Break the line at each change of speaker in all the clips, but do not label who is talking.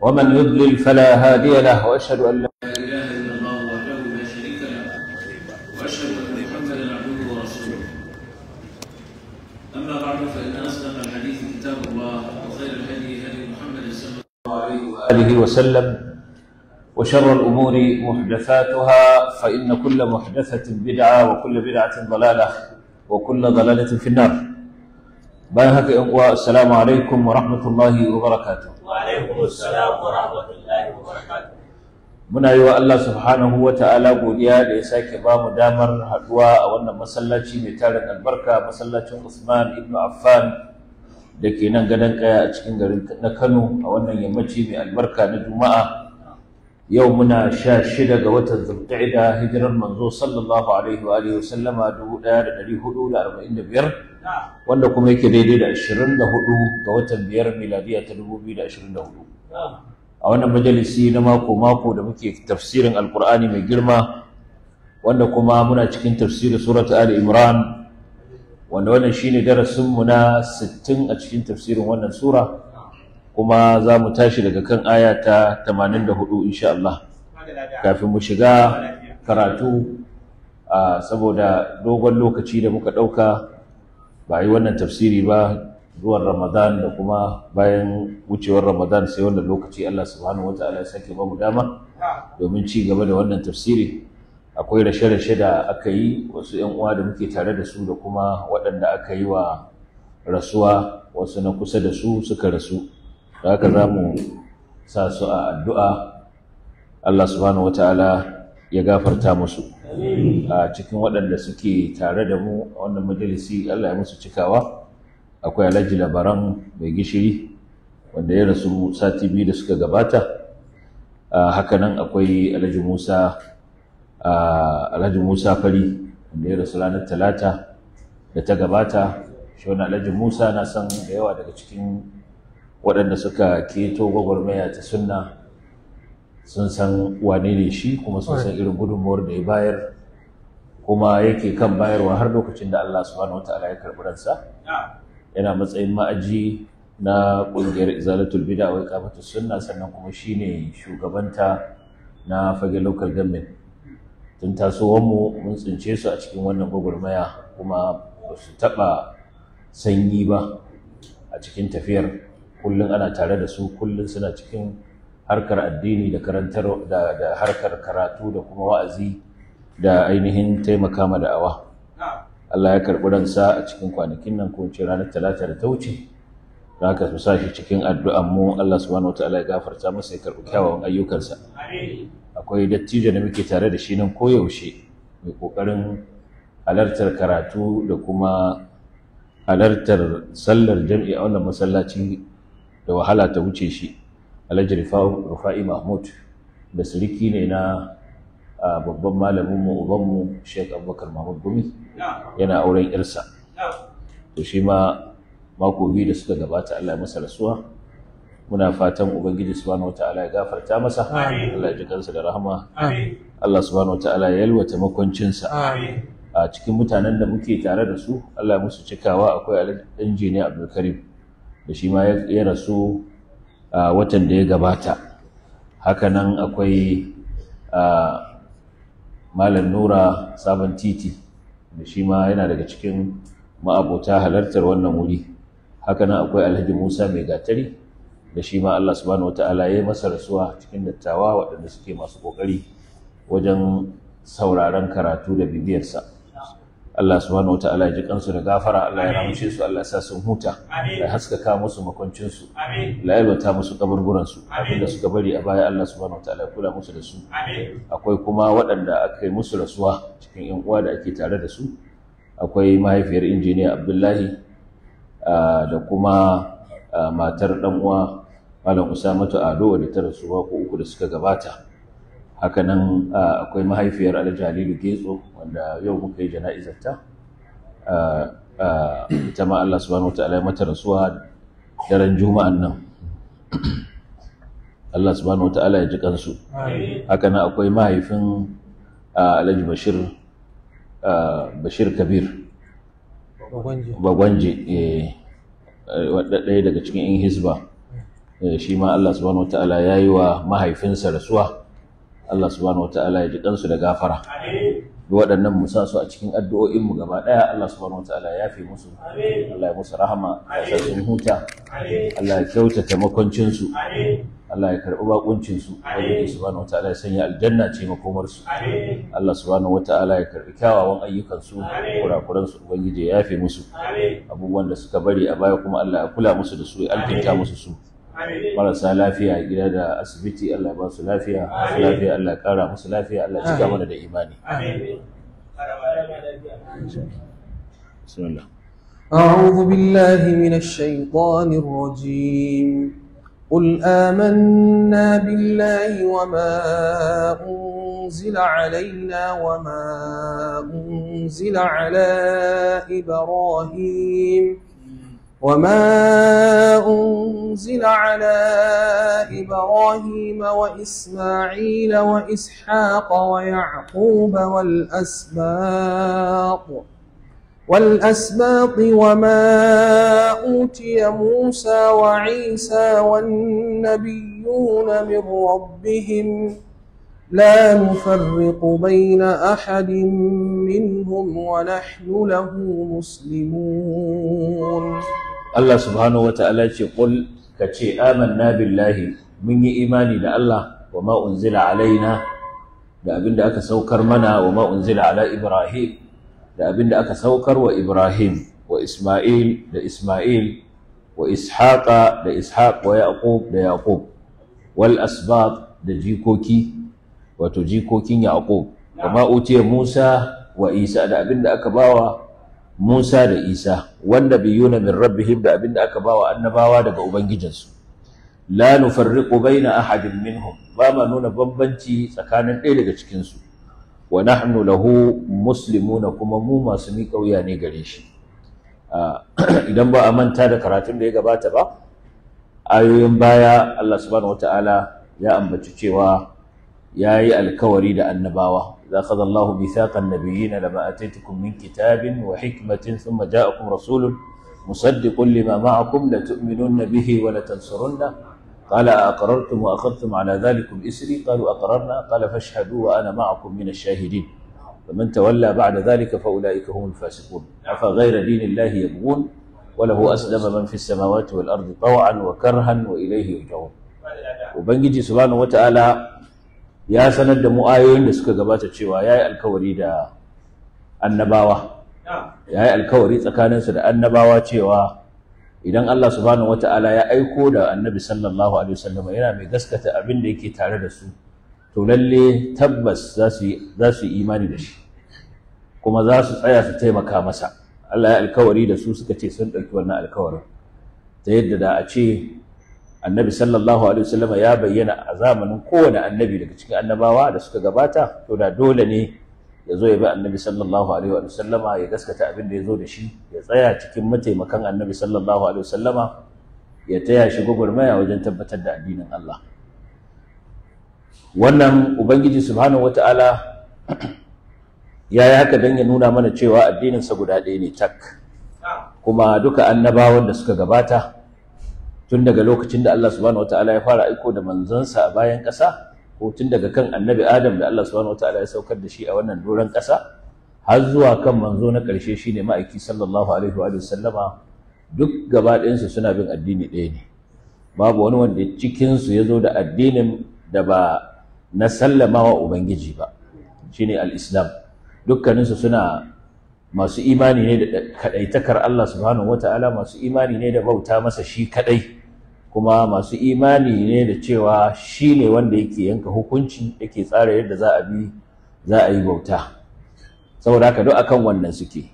ومن يضلل فلا هادي له واشهد ان لا اله الا الله وحده لا شريك له واشهد ان محمدا عبده ورسوله اما بعد فان اصدق الحديث كتاب الله وخير الهدي هدي محمد صلى الله عليه واله وسلم وشر الامور محدثاتها فان كل محدثه بدعه وكل بدعه ضلاله وكل ضلاله في النار bayan haka yan uwa assalamu alaikum wa rahmatullahi wa barakatuh wa alaikum assalam wa rahmatullahi wa barakatuh muna yi wa Allah subhanahu wa ta'ala godiya da ya sake ba mu damar haduwa a wannan masallaci mai tarin albarka masallacin Usman ibn Affan da ke nan gadon kaya a cikin garin na Kano a wannan yammaci mai albarka na Juma'a yau muna sha shida ga watan Zulqa'ida hijirar manzo sallallahu alaihi wa alihi wa sallama dubu biyar wanda kuma yake daidai da 24 ga watan biyar miladiya ta 2024 a wannan majalisi na mako mako da muke tafsirin alkur'ani mai girma wanda kuma muna cikin tafsirin surat ali imran wanda wannan shine mu na 60 a cikin tafsirin wannan sura kuma za mu tashi daga kan aya ta 84 insha Allah kafin mu shiga karatu saboda dogon lokaci da muka ɗauka ba a yi wannan tafsiri ba zuwan ramadan da kuma bayan wucewar ramadan sai wannan lokaci Allah subhanahu ta'ala ya sake ba mu dama domin ci gaba da wannan tafsiri akwai rashe-rashe da aka yi wasu yan uwa da muke tare da su da kuma waɗanda aka yi wa rasuwa wasu na kusa da su suka rasu da haka za mu sa su a addu'a Allah subhanahu wa ta'ala ya gafarta musu a cikin waɗanda suke tare da mu a wannan majalisi Allah ya musu cikawa akwai alhaji labaran mai gishiri wanda ya rasu sati biyu da suka gabata Haka nan akwai alhaji musa alhaji musa fari wanda ya rasu ranar talata da ta gabata shi wani alhaji musa na san da yawa daga cikin waɗanda suka keto gwagwarmaya ta sunna sun san wane ne shi kuma sun san irin gudunmuwar da ya bayar kuma yake kan bayarwa har lokacin da Allah subhanahu ta'ala ya karɓi ransa yana matsayin ma'aji na ƙungiyar izalatul bida wa iqamatu sunna sannan kuma shine shugabanta na fage local government tun tasowar mu mun tsince su a cikin wannan gwagwarmaya kuma ba su taɓa sanyi ba a cikin tafiyar kullum ana tare da su kullum suna cikin harkar addini da karantar da harkar karatu da kuma wa'azi da ainihin taimaka ma da'awa Allah ya karɓi ransa a cikin kwanakin nan ko ce ranar talata da ta wuce Za ka su sa shi cikin addu'an mu Allah subhanahu wataala ya gafarta masa ya karɓi kyawawan ayyukansa akwai dattijo da muke tare da shi nan koyaushe mai ƙoƙarin halartar karatu da kuma halartar sallar jam'i a wannan masallaci da wahala ta wuce shi alhaji rufa'i mahmud da suriki ne na babban malamin mu uban mu sheikh abubakar mahmud gumi yana auren irsa to shi ma mako biyu da suka gabata allah ya masa rasuwa muna fatan ubangiji subhanahu wataala ya gafarta masa allah ya ji kansa da rahama allah subhanahu wataala ya yalwata makwancinsa a cikin mutanen da muke tare da su allah ya musu cikawa akwai injiniya abdulkarim da shi ma ya rasu watan da ya gabata hakanan akwai malam nura sabon titi da shi ma yana daga cikin ma'abota halartar wannan wuri hakanan akwai alhaji musa mai gatari da shi ma allah subhanahu wata'ala ya yi masa rasuwa cikin dattawa waɗanda suke masu ƙoƙari wajen sauraron karatu da bibiyarsa Allah subhanahu wataala ya ji kansu da gafara Allah ya ramushe su Allah ya sa sun huta ya haskaka musu makwancin su Allah ya yalwata musu kaburburan su abinda suka bari a baya Allah subhanahu wataala ya kula musu da su akwai kuma waɗanda aka yi musu rasuwa cikin yan uwa da ake tare da su akwai mahaifiyar injiniya Abdullahi da kuma matar dan uwa Malam Usamatu Ado da ta rasuwa ko uku da suka gabata hakanan akwai mahaifiyar alhaji getso wanda yau muka yi jana'izarta ita ma allah subhanahu wataala ya mata rasuwa daren juma'an nan allah subhanahu wataala ya ji kansu hakanan akwai mahaifin alhaji bashir bashir kabir bagwanje eh, ɗaya daga cikin in hisba eh, shi ma allah subhanahu wataala ya yi wa mahaifinsa rasuwa Allah subhanahu wataala ya ji kansu da gafara waɗannan mu sa su a cikin addu'o'in mu gaba ɗaya Allah subhanahu wataala ya fi musu Allah ya musu rahama ya sa sun huta Allah ya kyautata makoncin Allah ya karɓi bakuncin su Allah subhanahu wataala ya sanya aljanna ce makomar su Allah subhanahu wataala ya karɓi kyawawan ayyukan su kurakuran su ubangiji ya fi musu abubuwan da suka bari a baya kuma Allah ya kula musu da su ya alkinta musu su
marasa lafiya
gida da asibiti Allah ba su lafiya lafiya Allah kara musu lafiya Allah cika mana da imani
أعوذ بالله من الشيطان الرجيم قل آمنا بالله وما أنزل علينا وما أنزل على إبراهيم وما أنزل على إبراهيم وإسماعيل وإسحاق ويعقوب والأسباط والأسباط وما أوتي موسى وعيسى والنبيون من ربهم لا نفرق بين أحد منهم ونحن له مسلمون
Allah subhanahu wata'ala ce ƙul ka ce amanna billahi mun yi imani da Allah wa ma unzila alaina da abinda aka saukar mana wa ma unzila ala ibrahim da abinda aka saukar wa ibrahim wa isma'il da isma'il wa ishaqa da ishaq wa yaqub da yaqub wal asbab da jikoki wato jikokin yaqub wa utiya musa wa isa da abinda aka bawa Musa da Isa wanda yuna min rabbihim da abinda aka bawa annabawa daga ubangijinsu la nufarriqu baina ahadin minhum ba ma nuna bambanci tsakanin ɗaya daga cikin su wa nahnu lahu muslimuna kuma mu masu ni kauya ne gare shi ah, idan ba a manta da karatun da ya gabata ba ayoyin baya Allah subhanahu wataala ya ambaci cewa ya yi alkawari da annabawa إذا أخذ الله ميثاق النبيين لما أتيتكم من كتاب وحكمة ثم جاءكم رسول مصدق لما معكم لتؤمنن به ولتنصرنه قال أقررتم وأخذتم على ذلكم إسري قالوا أقررنا قال فاشهدوا وأنا معكم من الشاهدين فمن تولى بعد ذلك فأولئك هم الفاسقون أفغير دين الله يبغون وله أسلم من في السماوات والأرض طوعا وكرها وإليه يرجعون وبنجي سبحانه وتعالى ya sanar da mu da suka gabata cewa yayi alkawari da annabawa yi alkawari tsakaninsu da annabawa cewa idan Allah subhanahu wata'ala ya aiko da annabi sallallahu alaihi wasallam yana mai gaskata abin da yake tare da su to lalle tabbas za su yi imani da shi kuma za su tsaya su taimaka masa Allah ya alkawari da su suka ce sun ɗauki wannan alkawarin ta yadda da a ce annabi sallallahu alaihi wasallama ya bayyana a zamanin kowane annabi daga cikin annabawa da suka gabata to da dole ne ya zo ya bi annabi sallallahu alaihi wasallama ya gaskata abin da ya zo da shi ya tsaya cikin mataimakan annabi sallallahu alaihi wasallama ya taya shi gwagwarmaya wajen tabbatar da addinin Allah wannan ubangiji subhanahu wata'ala ya yi haka don ya nuna mana cewa addininsa guda ɗaya ne tak kuma duka annabawan da suka gabata tun daga lokacin da Allah subhanahu wataala ya fara aiko da manzansa a bayan ƙasa ko tun daga kan annabi Adam da Allah subhanahu wataala ya saukar da shi a wannan doron ƙasa har zuwa kan manzo na ƙarshe shine ma'aiki sallallahu alaihi wa sallama duk gaba ɗayansu suna bin addini ɗaya ne babu wani wanda cikinsu ya zo da addinin da ba na sallamawa ubangiji ba shine al-islam dukkaninsu suna masu imani ne da kaɗaitakar Allah subhanahu wataala masu imani ne da bauta masa shi kaɗai kuma masu imani ne da cewa shi ne wanda yake yanka hukunci yake tsara yadda za a bi za a yi bauta saboda haka duk akan wannan suke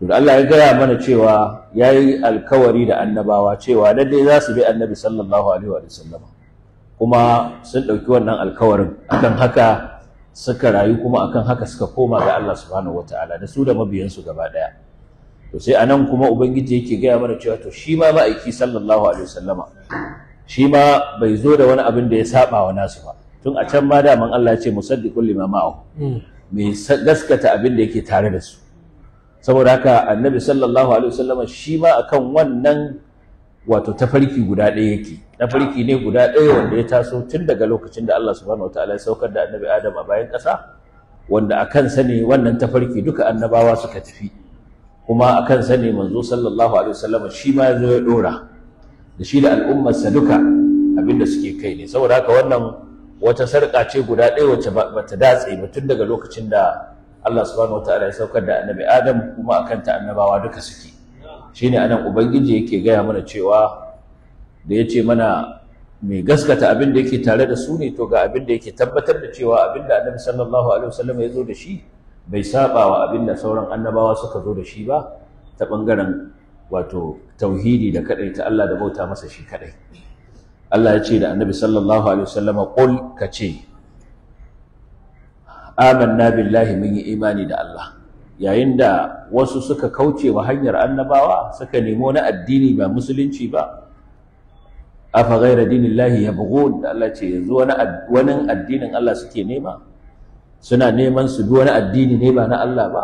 to da Allah ya gaya mana cewa yayi alkawari da annabawa cewa lalle za su bi annabi sallallahu alaihi wa sallam kuma sun ɗauki wannan alkawarin akan haka suka rayu kuma akan haka suka koma ga Allah subhanahu wataala da su da mabiyansu gaba ɗaya to sai anan kuma ubangiji yake gaya mana cewa to shi ma ma'aiki sallallahu alaihi wasallama shi ma bai zo da wani abin da ya saba wa nasu ba tun a can ma daman Allah ya ce musaddiqul lima hmm. mai gaskata abin da yake tare da su saboda haka annabi sallallahu alaihi wasallama shi ma akan wannan wato tafarki guda ɗaya yake tafarki ne guda ɗaya wanda ya taso tun daga lokacin da Allah subhanahu wataala ya saukar da annabi Adam a bayan ƙasa wanda akan sani ne wannan tafarki duka annabawa suka tafi kuma akan sani ne manzo sallallahu alaihi wasallam shi ma yazo ya dora da shi da al'ummar sa duka abinda suke kai ne saboda haka wannan wata sarka ce guda ɗaya wacce bata datse ba tun daga lokacin da Allah subhanahu wataala ya saukar da annabi Adam kuma akan ta annabawa duka suke shine anan ubangiji yake gaya mana cewa da yace mana mai gaskata abin da yake tare da su ne to ga abin da yake tabbatar da cewa abin da annabi sallallahu alaihi wasallam ya zo da shi bai saba wa abin da sauran annabawa suka zo da shi ba ta bangaren wato tauhidi da kadai ta Allah da bauta masa shi kadai Allah ya ce da annabi sallallahu alaihi wasallam qul ka ce amanna billahi mun yi imani da Allah yayin da wasu suka kauce wa hanyar annabawa suka nemo na addini ba musulunci ba afa ya bugu da Allah ce yanzu wani addinin Allah suke nema suna neman su bi wani addini ne ba na Allah ba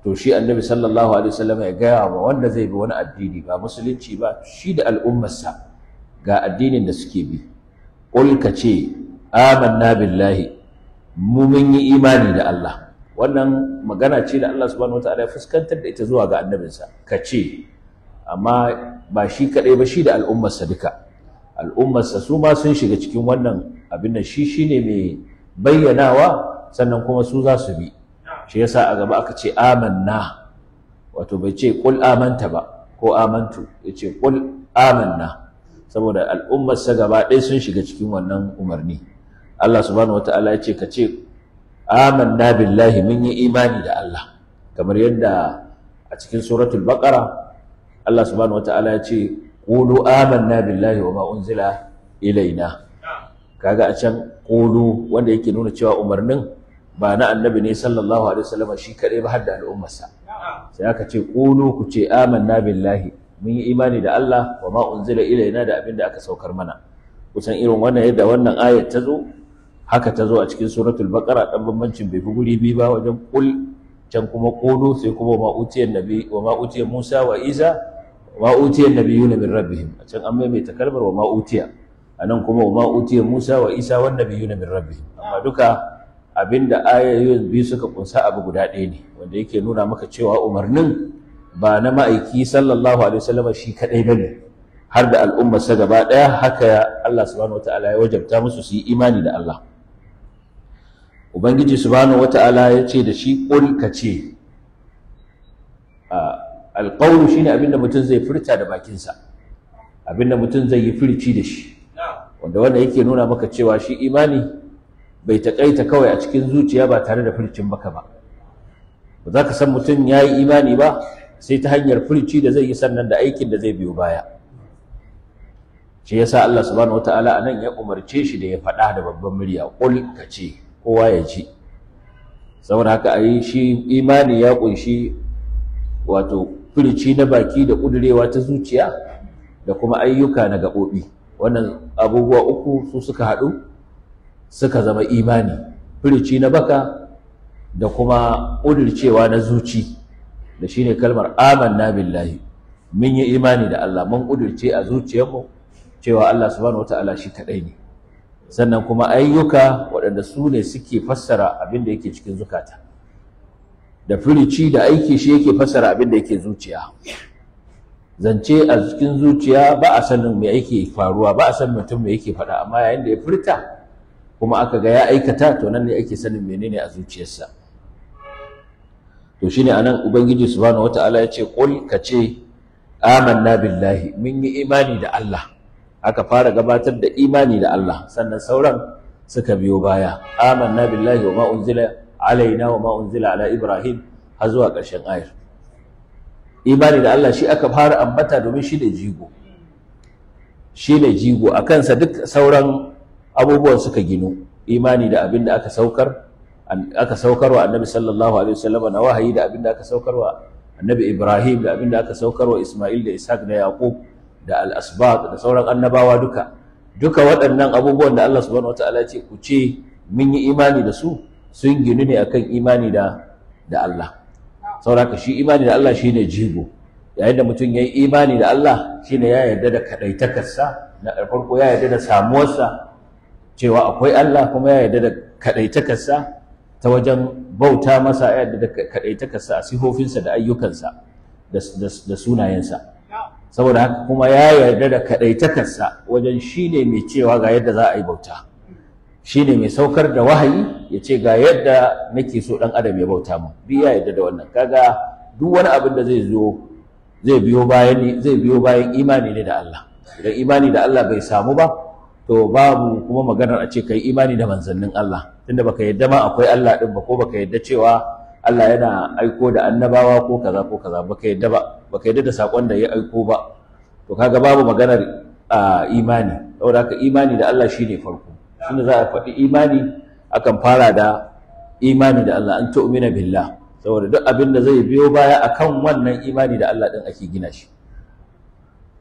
to shi annabi sallallahu alaihi wasallam ya gaya wa wanda zai bi wani addini ba musulunci ba shi da al'ummarsa ga addinin da suke bi qul ka ce amanna billahi mu mun yi imani da Allah wannan magana ce da Allah subhanahu wataala ya fuskantar da ita zuwa ga annabinsa ka ce amma ba shi kadai ba shi da al'ummarsa duka al'ummarsa su ma sun shiga cikin wannan abin nan shi shine mai bayyanawa sannan kuma su za su bi shi yasa a gaba aka ce amanna wato bai ce qul amanta ba ko amantu yace qul amanna saboda al'ummarsa sa gaba ɗaya sun shiga cikin wannan umarni Allah subhanahu wataala ya ce ka ce amanna billahi mun yi imani da Allah kamar yadda a cikin suratul baqara Allah subhanahu wataala ya ce qulu amanna billahi wa ma unzila ilaina kaga a can ƙulu wanda yake nuna cewa umarnin ba na annabi ne sallallahu alaihi wasallam shi kaɗai ba har da al'ummarsa sai aka ce Kulu ku ce amanna billahi mun yi imani da Allah wa ma unzila ilaina da abin da aka saukar mana kusan irin wannan yadda wannan ayat ta zo haka ta zo a cikin suratul baqara dan bambancin bai guri bi ba wajen kul can kuma ƙulu sai kuma ma utiyan nabi wa ma utiyan Musa wa Isa wa utiyan nabiyuna min rabbihim a can an maimaita kalmar wa ma utiya anan kuma wa utiya Musa wa Isa wan nabiyuna min rabi. amma duka abinda ayoyin biyu suka kunsa abu guda ɗaya ne wanda yake nuna maka cewa umarnin ba na ma'aiki sallallahu alaihi wasallam shi kadai bane har da al'ummar sa gaba ɗaya haka Allah subhanahu wataala ya wajabta musu su yi imani da Allah ubangiji subhanahu wataala ya ce da shi qul ka ce ah, alqawlu shine abinda mutum zai furta da bakinsa abinda mutum zai yi furci da shi wanda wanda yake nuna maka cewa shi imani bai taƙaita kawai a cikin zuciya ba tare da furcin baka ba ba za ka san mutum ya yi imani ba sai ta hanyar furci da zai yi sannan da aikin da zai biyo baya shi sa Allah subhanahu wataala nan ya umarce shi da ya faɗa da babban murya ƙul ka ce kowa ya ji saboda haka a yi shi imani ya ƙunshi wato furci na baki da ƙudurewa ta zuciya da kuma ayyuka na gaɓoɓi wannan abubuwa uku su suka haɗu suka zama imani firici na baka da kuma ƙudurcewa na zuci da shine kalmar amanna billahi mun yi imani da Allah mun ƙudurce a zuciyarmu cewa Allah subhanahu wataala shi kaɗai ne sannan kuma ayyuka waɗanda su ne suke fassara abin da yake cikin zukata da firici da aiki shi yake fassara abin da yake zuciya zance a cikin zuciya ba a sanin me yake faruwa ba a san mutum me yake faɗa amma yayin da ya furta kuma aka ga ya aikata to nan ne ake sanin menene a zuciyarsa to shine anan ubangiji subhanahu wataala ya ce qul ka ce amanna billahi mun yi imani da Allah aka fara gabatar da imani da Allah sannan sauran suka biyo baya amanna billahi wa ma unzila alaina wa ma unzila ala ibrahim har zuwa ƙarshen ayar imani da Allah shi aka fara ambata domin shi ne jigo shi ne jigo a kansa duk sauran abubuwan suka ginu imani da abin da aka saukar aka saukarwa annabi sallallahu alaihi wasallam na wahayi da abin da aka saukarwa annabi ibrahim da abin da aka saukarwa isma'il da ishaq da yaqub da al-asbaq da sauran annabawa duka duka waɗannan abubuwan da Allah subhanahu wataala ce ku ce mun yi imani da su sun ginu ne akan imani da da Allah sauraka shi imani da Allah shine jigo yayin da mutum yayi imani da Allah shine ya yarda da kadaitakarsa na farko ya yarda da samuwarsa cewa akwai Allah kuma ya yarda da kadaitakarsa ta wajen bauta masa ya yarda da kadaitakarsa a sihofinsa da ayyukansa da sunayensa saboda haka kuma ya yarda da kadaitakarsa wajen shine mai cewa ga yadda za a yi bauta shine mai saukar da wahayi ya ce ga yadda nake so dan adam ya bauta mu Biya yadda da wannan kaga duk wani abin da zai zo zai biyo bayan zai biyo bayan imani ne da Allah idan imani da Allah bai samu ba to babu kuma maganar a ce kai imani da manzannin Allah tunda baka yadda ma akwai Allah din ba ko baka yadda cewa Allah yana aiko da annabawa ko kaza ko kaza baka yadda ba baka yadda da sakon da ya aiko ba to kaga babu maganar ah, imani saboda haka imani da Allah shine farko tunda za a faɗi imani akan fara da imani da Allah an tu'mina billah saboda duk abin da zai biyo baya akan wannan imani da Allah din ake gina shi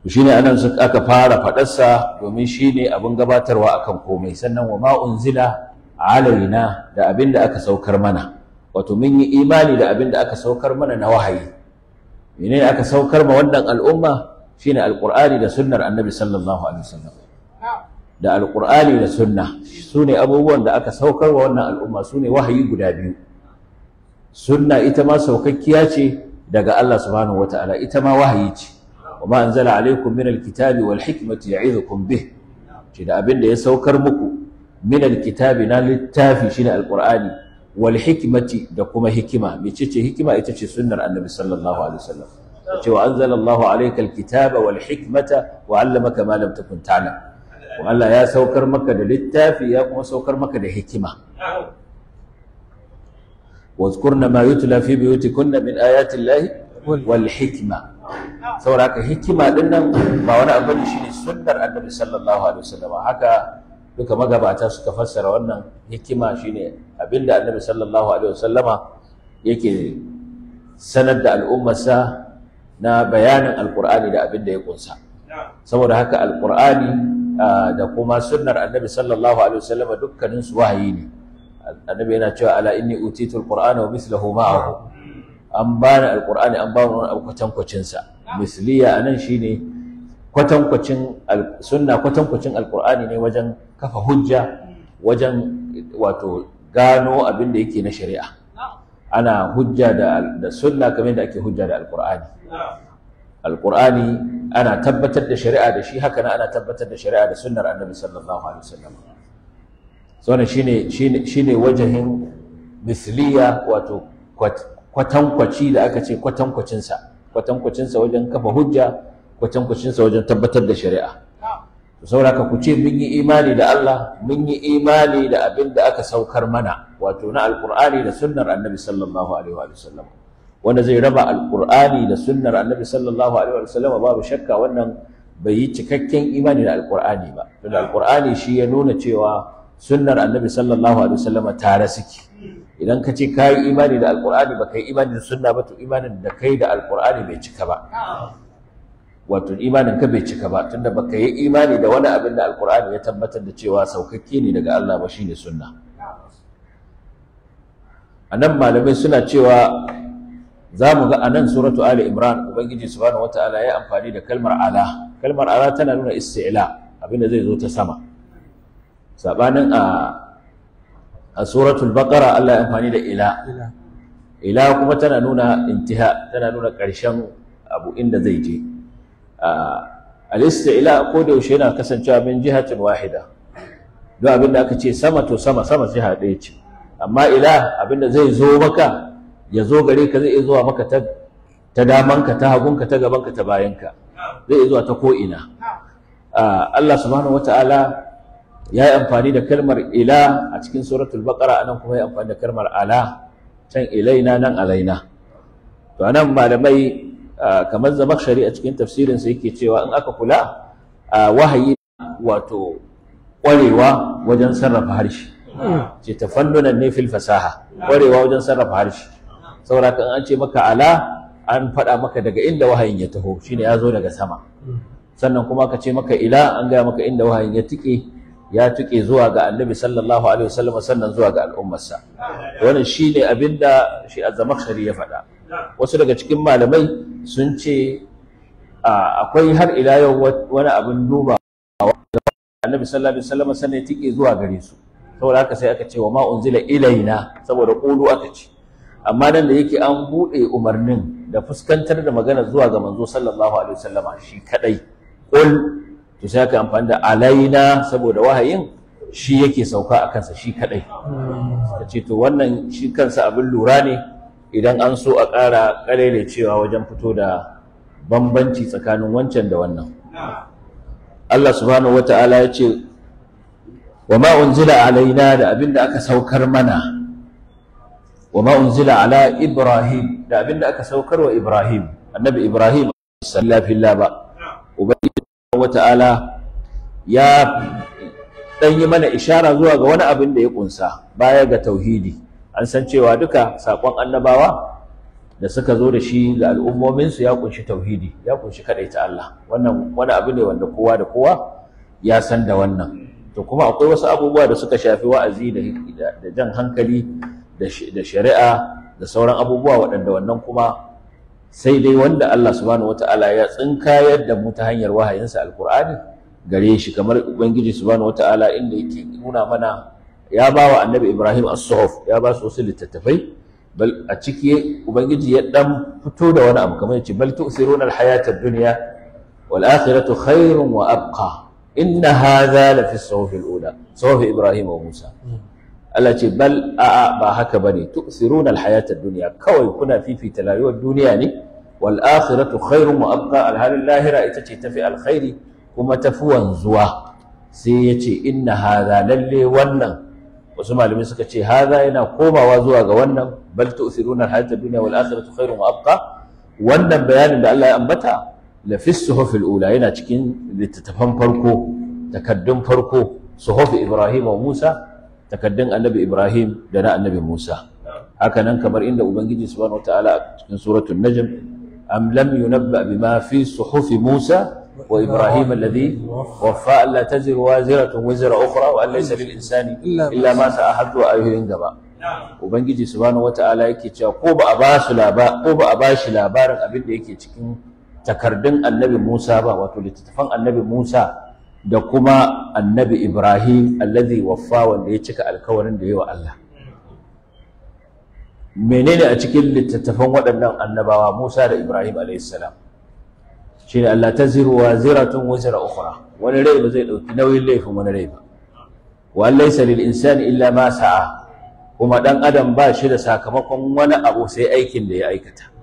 to shine anan aka fara faɗarsa domin shine abin gabatarwa akan komai sannan wa ma unzila alaina da abin da aka saukar mana wato mun yi imani da abin da aka saukar mana na wahayi menene aka saukar ma wannan al'umma shine alqur'ani da sunnar annabi sallallahu alaihi wasallam da alqur'ani da sunna su ne abubuwan da aka saukar wa wannan al'umma su ne wahayi guda biyu sunna ita ma saukakkiya ce daga Allah subhanahu ta'ala. ita ma wahayi ce wa ma anzala alaikum min alkitabi wal hikmati ya'idukum bih ce da abin da ya saukar muku min alkitabi na littafi shine alqur'ani wal hikmati da kuma hikima mecece hikima ita ce sunnar annabi sallallahu alaihi wasallam ce wa anzala Allahu alayka alkitaba wal hikmata wa 'allamaka ma lam takun ta'lam Allah ya saukar maka da littafi ya kuma saukar maka da hikima wazkurna ma yutla fi buyutikunna min ayati llahi wal hikima. saboda haka hikima din nan ba wani abu ne shine sunnar annabi sallallahu alaihi wasallam haka duka magabata suka fassara wannan hikima shine abinda annabi sallallahu alaihi wasallama yake sanar da al'ummarsa na bayanin alqur'ani da abinda ya kunsa saboda haka alqur'ani da kuma sunnar annabi sallallahu alaihi wasallam dukkanin su wahayi ne annabi yana cewa ala inni utitul qur'ana wa mithluhu ma'ahu an bani alqur'ani an bani wani kwatankwacin sa misliya anan shine kwatankwacin sunna kwatankwacin alqur'ani ne wajen kafa hujja wajen wato gano abin da yake na shari'a ana hujja da da sunna kamar da ake hujja da alqur'ani alqur'ani ana tabbatar da shari'a da shi haka ana tabbatar da shari'a da sunnar annabi sallallahu alaihi wasallam wannan shine shine shine wajahin misliya wato kwatankwaci da aka ce kwatankwacin sa kwatankwacin sa wajen kafa hujja kwatankwacin sa wajen tabbatar da shari'a saboda haka ku ce mun yi imani da Allah mun yi imani da abin da aka saukar mana wato na alqur'ani da sunnar annabi sallallahu alaihi wasallam wanda zai raba Alƙur'ani da sunnar annabi sallallahu alaihi wasallam babu shakka wannan bai yi cikakken imani da alqur'ani ba da Alƙur'ani shi ya nuna cewa sunnar annabi sallallahu alaihi wasallam tare suke idan ka ce kayi imani da Alƙur'ani ba kai imani da sunna ba to imanin da kai da Alƙur'ani bai cika ba wato imanin ka bai cika ba tunda baka yi imani da wani abin da Alƙur'ani ya tabbatar da cewa saukakke ne daga Allah ba shine sunna anan malamai suna cewa za mu ga a nan suratu ali imran ubangiji subhanahu wataala ya amfani da kalmar ala kalmar ala tana nuna isti'la abinda zai zo ta sama sabanin a a suratul baqara Allah ya amfani da ila ila kuma tana nuna intiha tana nuna ƙarshen abu inda zai je al-isti'la ko da yaushe yana kasancewa min jihatin wahida duk da aka ce sama to sama sama jiha ɗaya ce amma ila abinda zai zo maka ya zo gare ka zai iya zuwa maka ta ta damanka ta hagunka ta gabanka ta bayanka zai iya zuwa ta ko'ina ah, Allah subhanahu wata'ala ya yi amfani da kalmar ila a cikin suratul baqara anan kuma ya amfani da kalmar ala can ilaina nan alaina to anan malamai ah, kamar zamakshari a cikin tafsirin sa yake cewa in aka kula ah, wahayi wato kwarewa wajen sarrafa harshe hmm. ce tafannunan ne fil fasaha kwarewa wajen sarrafa harshe saboda kan an ce maka ala an faɗa maka daga inda wahayin ya taho shine ya zo daga sama sannan kuma ka ce maka ila an gaya maka inda wahayin ya tike ya tike zuwa ga annabi sallallahu alaihi wasallam sannan zuwa ga al'ummarsa wannan shine abinda shi azamakhari ya faɗa wasu daga cikin malamai sun ce akwai har ila yau wani abin duba annabi sallallahu alaihi wasallam sannan ya tuke zuwa gare su saboda haka sai aka ce wa ma unzila ilaina saboda qulu aka ce amma nan da yake an buɗe umarnin da fuskantar da magana zuwa ga manzo sallallahu alaihi wasallama shi kadai qul to sai aka amfani da alaina saboda wahayin shi yake sauka a kansa shi kadai ce to wannan shi kansa abin lura ne idan an so a ƙara ƙalele cewa wajen fito da bambanci tsakanin wancan da wannan Allah subhanahu wata'ala ya ce wa ma unzila alaina da abin da aka saukar mana wa ma unzila ala ibrahim da abinda aka saukar wa ibrahim annabi ibrahim sallallahu alaihi ba ubangiji wata'ala ya dan yi mana ishara zuwa ga wani abin da ya kunsa baya ga tauhidi an san cewa duka sakon annabawa da suka zo da shi ga al'ummomin su ya kunshi tauhidi ya kunshi ta Allah wannan wani abu ne wanda kowa da kowa ya san da wannan to kuma akwai wasu abubuwa da suka shafi wa'azi da jan hankali da shari'a da sauran abubuwa waɗanda wannan kuma sai dai wanda Allah subhanahu wata'ala ya tsinkayar da mu ta hanyar wahayinsa alkur'ani gare shi kamar ubangiji subhanahu wata'ala inda yake nuna mana ya ba wa annabi ibrahim as-suhuf ya ba su wasu littattafai bal a ciki ubangiji ya dan fito da wani abu kamar yace bal tu'siruna al-hayata ad-dunya wal akhiratu khairun wa abqa inna hadha la fi as-suhuf al-ula suhuf ibrahim wa musa hmm. Allah ce bal a'a ba haka bane tu'siruna al-hayata dunya kawai kuna fifita rayuwar duniya ne wal akhiratu khairun wa abqa lahira ita ce tafi alkhairi kuma tafi wanzuwa sai yace inna hadha lalle wannan wasu malami suka ce haza yana komawa zuwa ga wannan bal tu'thiruna al-hayata dunya wal akhiratu khairun abqa wannan bayanin da Allah ya ambata la fi suhufil ula yana cikin littattafan farko takaddun farko suhuf Ibrahim wa Musa takaddun annabi Ibrahim da na annabi Musa haka nan kamar inda ubangiji subhanahu wataala a cikin suratul najm am lam yunabba bima fi suhufi Musa wa Ibrahim alladhi waffa alla taziru waziratun wizra ukhra wa an laysa lil insani illa ma sa'a haddu ayoyin gaba ubangiji subhanahu wataala yake cewa ko ba a ba su labar ko ba a ba shi labarin abin da yake cikin takardun annabi Musa ba wato littattafan annabi Musa da kuma annabi Ibrahim allazi waffa wanda ya cika alkawarin da yi wa Allah menene a cikin littattafan waɗannan annabawa Musa da Ibrahim alaihissalam shi ne Allah ta ziru wa ziratun wuzira ukhra wani rai ba zai ɗauki nauyin laifin wani rai ba wa laysa lil insani illa ma sa'a kuma dan adam ba shi da sakamakon wani abu sai aikin da ya aikata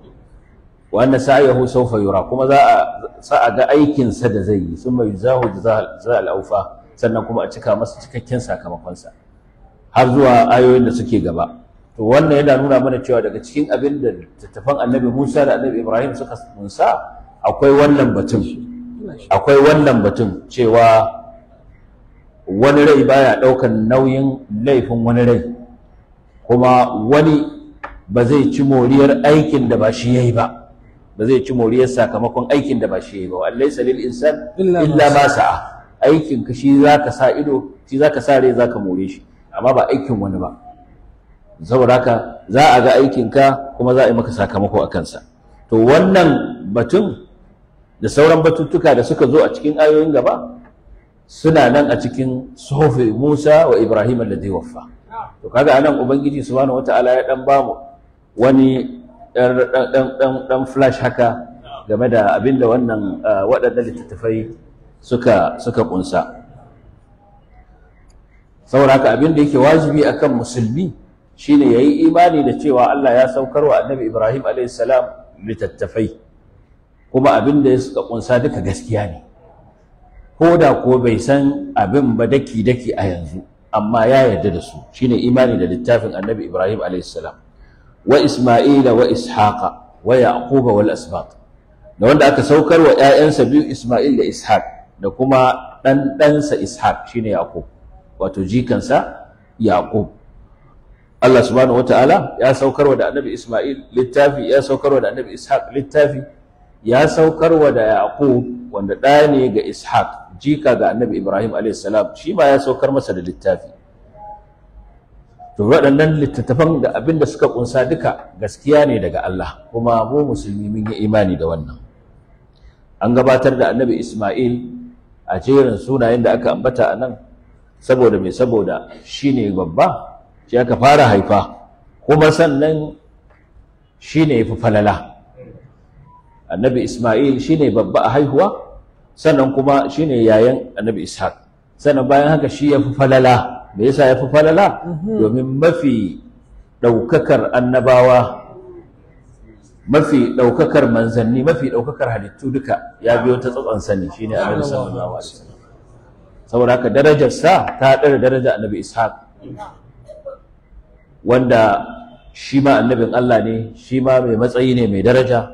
wa anna sa'yahu sawfa yura kuma za sa a ga aikinsa da zai yi summa yuzahu jaza al-awfa sannan kuma a cika masa cikakken sakamakonsa, har zuwa ayoyin da suke gaba to wannan yana nuna mana cewa daga cikin abin da tattafan annabi Musa da annabi Ibrahim suka munsa akwai wannan batun akwai wannan batun cewa wani rai baya ɗaukan nauyin laifin wani rai kuma wani ba zai ci moriyar aikin da ba shi yayi ba ba zai ci moriyar sakamakon aikin da ba shi ba wallahi salil insan illa ma sa'a aikin ka shi zaka sa ido shi zaka sa rai zaka more shi amma ba aikin wani ba saboda haka za a ga aikin ka kuma za a yi maka sakamako a kansa to wannan batun da sauran batuttuka da suka zo a cikin ayoyin gaba suna nan a cikin Suhofe, Musa wa Ibrahim alladhi waffa to kaga anan ubangiji subhanahu wataala ya dan bamu wani ɗan flash haka game da abin da wannan ah, waɗannan littattafai suka suka kunsa saboda haka abin da yake wajibi akan musulmi shine yayi imani da cewa Allah ya saukar wa Annabi Ibrahim alayhi salam littattafai kuma abin da suka ƙunsa duka gaskiya ne ko da ko bai san abin ba daki daki a yanzu amma ya yarda da su shine imani da littafin Annabi Ibrahim alayhi salam wa isma'ila wa ishaqa wa yaquba wal asbaq da wanda aka saukar wa ƴaƴansa biyu isma'il da ishaq da kuma dan ɗansa ishaq shine yaqub wato jikansa yaqub Allah ya saukarwa da annabi isma'il littafi ya saukarwa da annabi ishaq littafi ya saukarwa da yaqub wanda ɗa ne ga ishaq jika ga annabi ibrahim alayhi shi ma ya saukar masa da littafi to waɗannan littattafan da abin da suka kunsa duka gaskiya ne daga Allah kuma mu musulmi mun yi imani da wannan an gabatar da annabi Ismail a jerin sunayen da aka ambata a nan saboda mai saboda shine babba shi aka fara haifa kuma sannan shine yafi falala annabi Ismail shine babba a haihuwa sannan kuma shine yayan annabi Ishaq sannan bayan haka shi ya yafi falala me yasa ya fi falala mhm. domin mafi ɗaukakar annabawa mafi ɗaukakar manzanni mafi ɗaukakar halittu duka ya biyo ta tsatson sani shine annabi sallallahu alaihi wasallam saboda haka darajar sa ta dare daraja annabi ishaq wanda shi ma annabin Allah ne shi ma mai matsayi ne mai daraja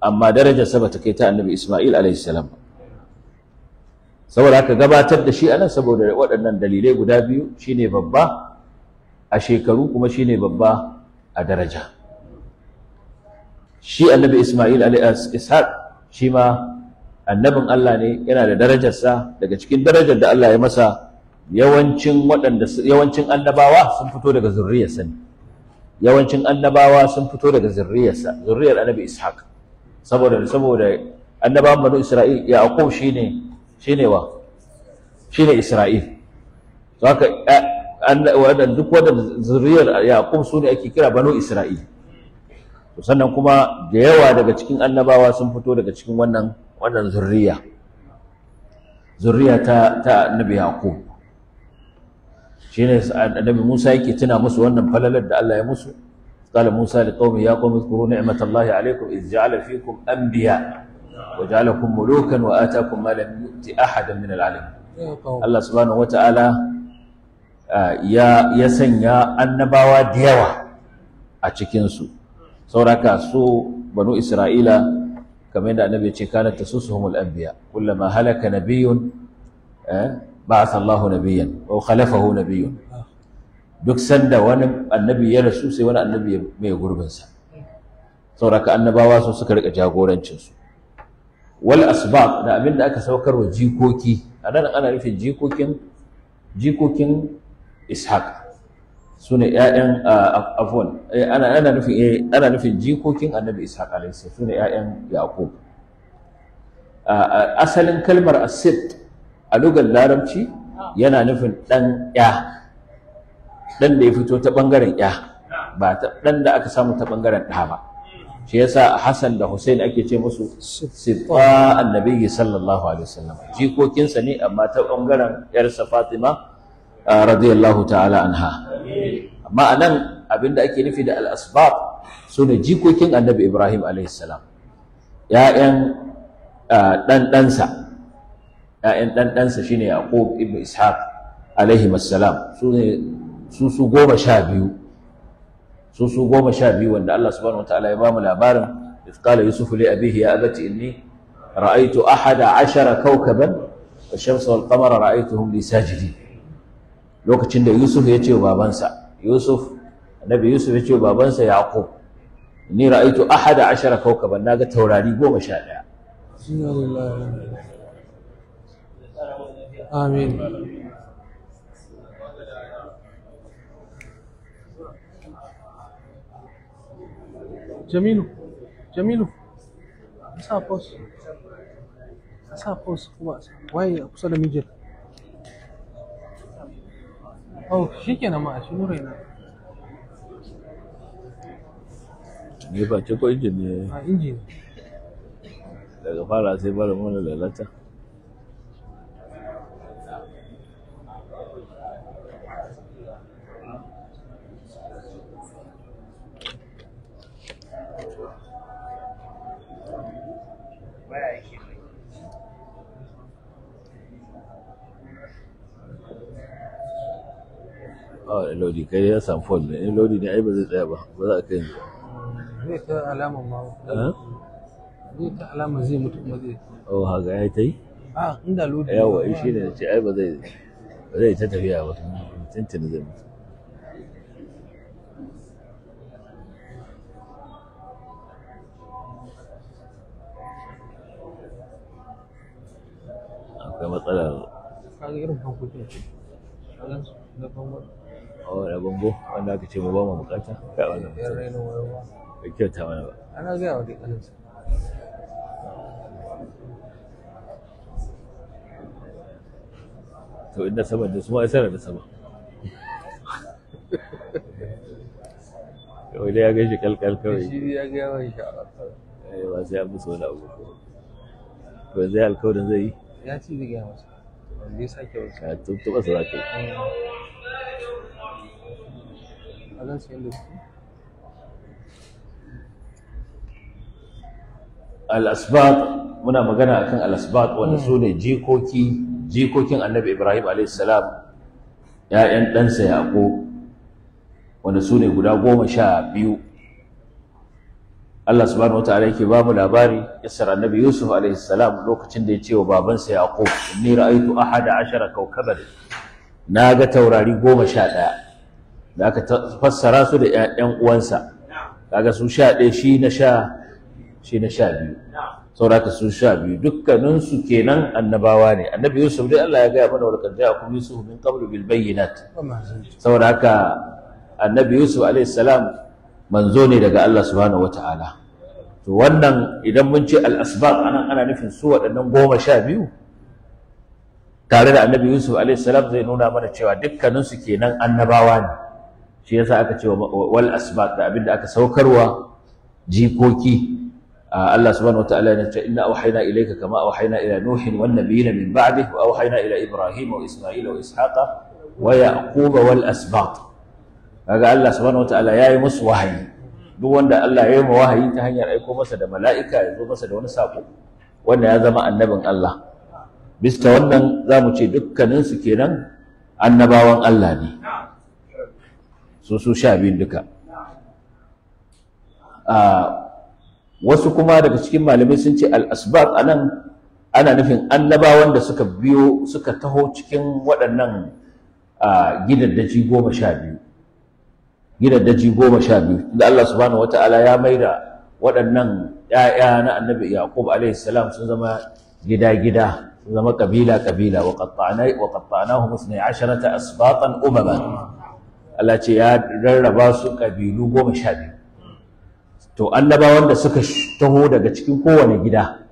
amma darajarsa bata kai ta annabi Isma'il alaihi salam saboda haka gabatar da shi anan saboda waɗannan dalilai guda biyu shine babba a shekaru kuma shine babba a daraja shi annabi Isma'il alaihi Ishaq shi ma annabin Allah ne yana da darajarsa daga cikin darajar da Allah ya masa yawancin waɗanda yawancin annabawa sun fito daga zurriyarsa ne yawancin annabawa sun fito daga zurriyarsa zurriyar annabi Ishaq saboda saboda annabawan banu Isra'il Yaqub shine Shi ne wa Shi ne Isra'il haka eh, wadanda duk waɗanda zuriyar Yaqub su ne ake kira bano Isra'il sannan kuma da yawa daga cikin annabawa sun fito daga cikin wannan wannan zuriya zuriya ta ta annabi Yaqub ne annabi Musa yake tuna musu wannan falalar da Allah ya musu قال موسى لقومه يا قوم اذكروا نعمة الله عليكم إذ جعل فيكم أنبياء وجعلكم ملوكا وآتاكم ما لم يؤت أحدا من العالم الله سبحانه وتعالى ya sanya annabawa da a cikinsu sauraka su banu isra'ila kamar yadda annabi ya ce kana tasusuhumul anbiya kullama halaka nabiyyun ba'atha Allahu nabiyyan wa khalafahu nabiyyun duk sanda wani annabi ya rasu sai wani annabi mai gurbinsa sauraka annabawa su suka rika jagorancin su wal asbab da abin da aka saukar wa jikoki a nan ana nufin jikokin jikokin ishaq su ne ‘ya'yan afon eh, eh, ana nufin jikokin annabi ishaq alaisa su ne ‘ya'yan yaqub asalin kalmar asid a lugar larabci yana nufin ɗan ‘ya ɗan da ya fito ta ɓangaren ‘ya ba ɗan da aka samu ta ɓangaren ɗa ba shi yasa Hassan da Hussein ake ce musu sifa annabi sallallahu alaihi wasallam jikokinsa ne amma ta bangaren yarsa Fatima radiyallahu ta'ala anha amma anan abinda ake nufi da al-asbab sune jikokin annabi Ibrahim alaihi salam ya'yan dan sa ya'yan dan sa shine Yaqub ibn Ishaq alaihi salam su su goma sha biyu su su goma sha biyu wanda Allah subhanahu wataala ya bamu labarin ifqala yusufu li abihi ya abati inni ra'aytu ahada ashara kawkaban wash-shamsa wal-qamara ra'aytuhum li sajidin lokacin da Yusuf ya ce babansa Yusuf annabi Yusuf ya ce babansa Yaqub inni ra'aytu ahada ashara kawkaban naga taurari goma sha ɗaya
amin Jamilu, Jamilu, asa sa asa pos sa fos kuma waye a kusa da mijin. Oh, shi ke ma a shi nura yana.
Ne ba ce ko injin ne? A injin. Daga fara sai fara mana lalata. ba lodi kai ya samu fol ne in lodi ne ai ba zai tsaya ba ba za a kai ne
zai ta alaman ma zai ta alaman zai mutu kuma zai
oh haga ya ta yi
a inda lodi yawa shi ne ce ai
ba zai ba zai ta tafiya ba tuntun zai mutu akwai matsalar irin
fankokin na fankokin
Oh, a bango wanda aka ce mu ba mu bukata ka mutum
kyauta mana ba ana wa
to inda sama da su ma da sama kawai dai ya gaishe kalkal kawai
shi ya ga sha'awa eh, ba sai ya musu wani abu
alkawarin zai yi
ya ci zai gaya masa wanda ya sake wasu ya tuntuɓa su za ka yi eh. అదే
muna magana akan al-asbat wanda hmm. su ne jikoki jikokin annabi ibrahim alaihissalam ya'yan ɗansa yaƙo wanda su ne guda goma sha biyu allah subhanahu wa ta'ala yake bamu labari yassar annabi yusuf alaihissalam lokacin da ya ce wa babansa yaƙo inni ra'aitu ahada ashara kawkaban na ga taurari goma sha ɗaya da aka fassara su da 'ya'yan uwansa kaga su sha ɗaya shi na sha shi na sha biyu sauraka su sha biyu dukkanin kenan annabawa ne annabi yusuf dai Allah ya gaya mana wa laqad ja'akum yusuf min qablu bil bayyinat sauraka annabi yusuf alaihi salam manzo ne daga Allah subhanahu wataala to wannan idan mun ce al asbab anan ana nufin su waɗannan goma sha biyu tare da annabi yusuf alaihi salam zai nuna mana cewa dukkaninsu kenan annabawa ne shi yasa aka ce wal asbat da abinda aka saukarwa jikoki Allah subhanahu wataala ya ce inna auhayna ilayka kama auhayna ila nuhin wan nabiyina min ba'dih wa auhayna ila ibrahim wa isma'ila wa ishaqa wa yaquba wal asbat kaga Allah subhanahu wataala yayi musu wahayi duk wanda Allah ya yi ma wahayi ta hanyar aiko masa da mala'ika ya zo masa da wani sako wanda ya zama annabin Allah bisa wannan zamu ce dukkaninsu kenan annabawan Allah ne su su sha biyun duka wasu kuma daga cikin malamai sun ce al'asbab a nan ana nufin annabawan da suka biyo suka taho cikin waɗannan gidaddaji goma sha biyu gidaddaji goma sha biyu da Allah subhanahu wata'ala ya maida waɗannan ‘ya'ya na annabi Yaqub a.s. salam sun zama gida-gida zama ƙabila ƙabila wa qatta'nahu 12 asbatan umama Allah ce ya rarraba su ƙabilu goma sha biyu to annabawan da suka taho daga cikin kowane gida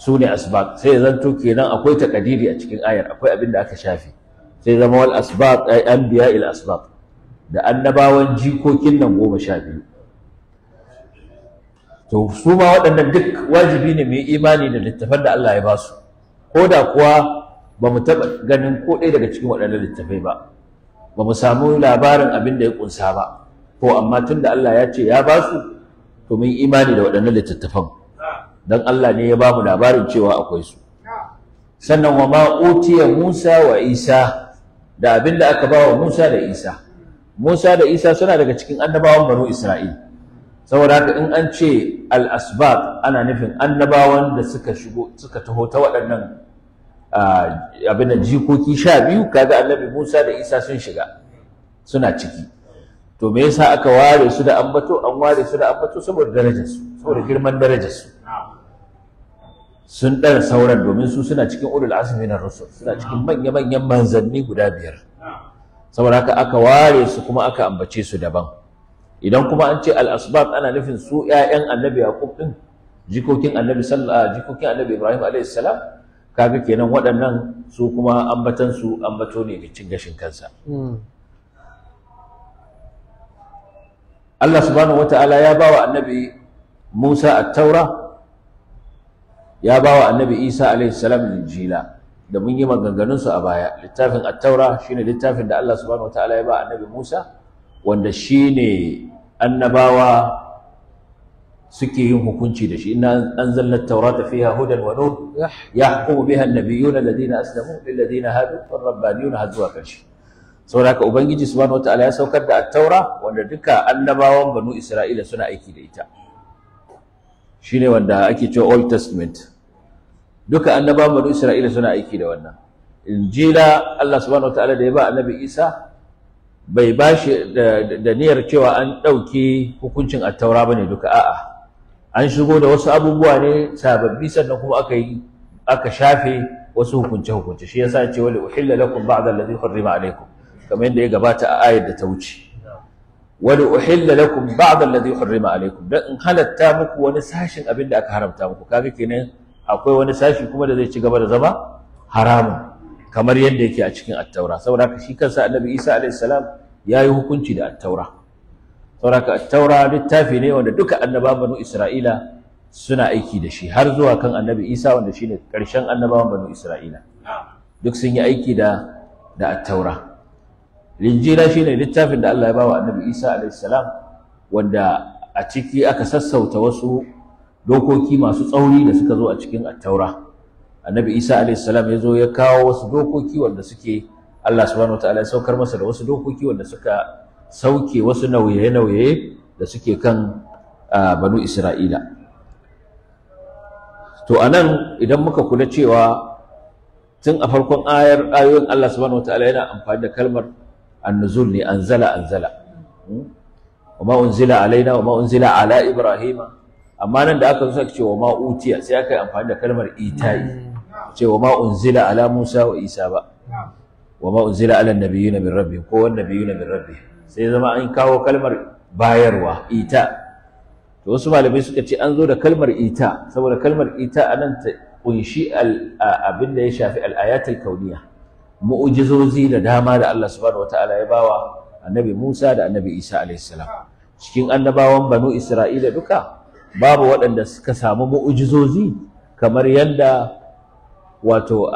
su ne sai ya zanto kenan akwai takadiri a cikin ayar akwai abin da aka shafe sai zama wal asbab ay anbiya il asbab da annabawan jikokin nan goma sha biyu to su ma waɗannan duk wajibi ne mai imani da littafan da Allah ya ba su ko da kuwa ba mu taɓa ganin ko ɗaya daga cikin waɗannan littafai ba ba mu samu labarin abin da ya kunsa ba ko amma tun da Allah ya ce ya ba su to mun imani da waɗannan littattafan dan Allah ne ya ba mu labarin cewa akwai su sannan wa ma utiya Musa wa Isa da abin da aka ba wa Musa da Isa Musa da Isa suna daga cikin annabawan baru Isra'il saboda haka in an ce al-asbab ana nufin annabawan da suka shigo suka taho ta waɗannan abin da jikoki sha biyu kaga annabi Musa da Isa sun shiga suna ciki to me yasa aka ware su da ambato an ware su da ambato saboda darajar su saboda girman darajar su sun dan sauran domin su suna cikin ulul azmi na rusul suna cikin manya manyan manzanni guda biyar saboda haka aka ware su kuma aka ambace su daban idan kuma an ce al asbab ana nufin su ƴaƴan annabi yaqub din jikokin annabi sallallahu jikokin annabi ibrahim alaihi salam kaga kenan waɗannan su kuma ambatan su ambato ne da cin gashin kansa hmm. Allah subhanahu wata'ala ya bawa annabi Musa at-Taura ya bawa annabi Isa alaihi salam injila da mun yi maganganun su a baya littafin at-Taura shine littafin da Allah subhanahu wata'ala ya ba annabi Musa wanda shine annabawa suke yin hukunci da shi inna anzalna at-taurata fiha hudan wa nur yahkumu biha an-nabiyyuna alladhina aslamu lil ladina hadu wa rabbaniyuna hazwa kashi saboda haka ubangiji subhanahu wataala ya saukar da at-taura wanda duka annabawan banu isra'ila suna aiki da ita shine wanda ake cewa old testament duka annabawan banu isra'ila suna aiki da wannan injila Allah subhanahu wataala da ya ba annabi isa bai bashi da niyyar cewa an ɗauki hukuncin attaura ba ne duka a'a an shigo da wasu abubuwa ne sababbi sannan kuma aka yi aka shafe wasu hukunce hukunce shi yasa ce wali uhilla lakum ba'da alladhi hurrima alaykum kamar yadda ya gabata a ayar da ta wuce wali uhilla lakum ba'da alladhi hurrima alaykum dan in halatta muku wani sashin abin da aka haramta muku kaga kenan akwai wani sashi kuma da zai ci gaba da zama haramun kamar yadda yake a cikin attaura saboda haka shi kansa annabi Isa alayhi salam yayi hukunci da attaura sauraka taura littafi ne wanda duka annabawan banu isra'ila suna aiki da shi har zuwa kan annabi isa wanda shi ne karshen annabawan banu isra'ila duk sun yi aiki da da taura linjila ne littafin da Allah ya bawa annabi isa alayhi salam wanda a ciki aka sassauta wasu dokoki masu tsauri da suka zo a cikin taura. annabi isa alayhi salam ya zo ya kawo wasu dokoki wanda suke Allah subhanahu wataala ya saukar masa da wasu dokoki wanda suka sauke wasu nauye-nauye da suke kan banu isra'ila to anan idan muka kula cewa tun a farkon ayar ayoyin Allah subhanahu wataala yana amfani da kalmar annuzul ne anzala anzala hmm? wama unzila alaina wama unzila ala ibrahima amma nan da aka zo aka ce ma utiya sai aka yi amfani da kalmar itai ce wama unzila ala musa wa isa ba wama unzila ala nabiyina min rabbihim ko wan nabiyina min rabbihim sai zama an kawo kalmar bayarwa ita to wasu malamai suka ce an zo da kalmar ita saboda kalmar ita anan ta kunshi abin da ya shafi al'ayatul kauniya mu'jizozi da dama da Allah subhanahu wataala ya bawa annabi Musa da annabi Isa alaihi salam cikin annabawan banu Isra'ila duka babu waɗanda suka samu mu'jizozi kamar yadda wato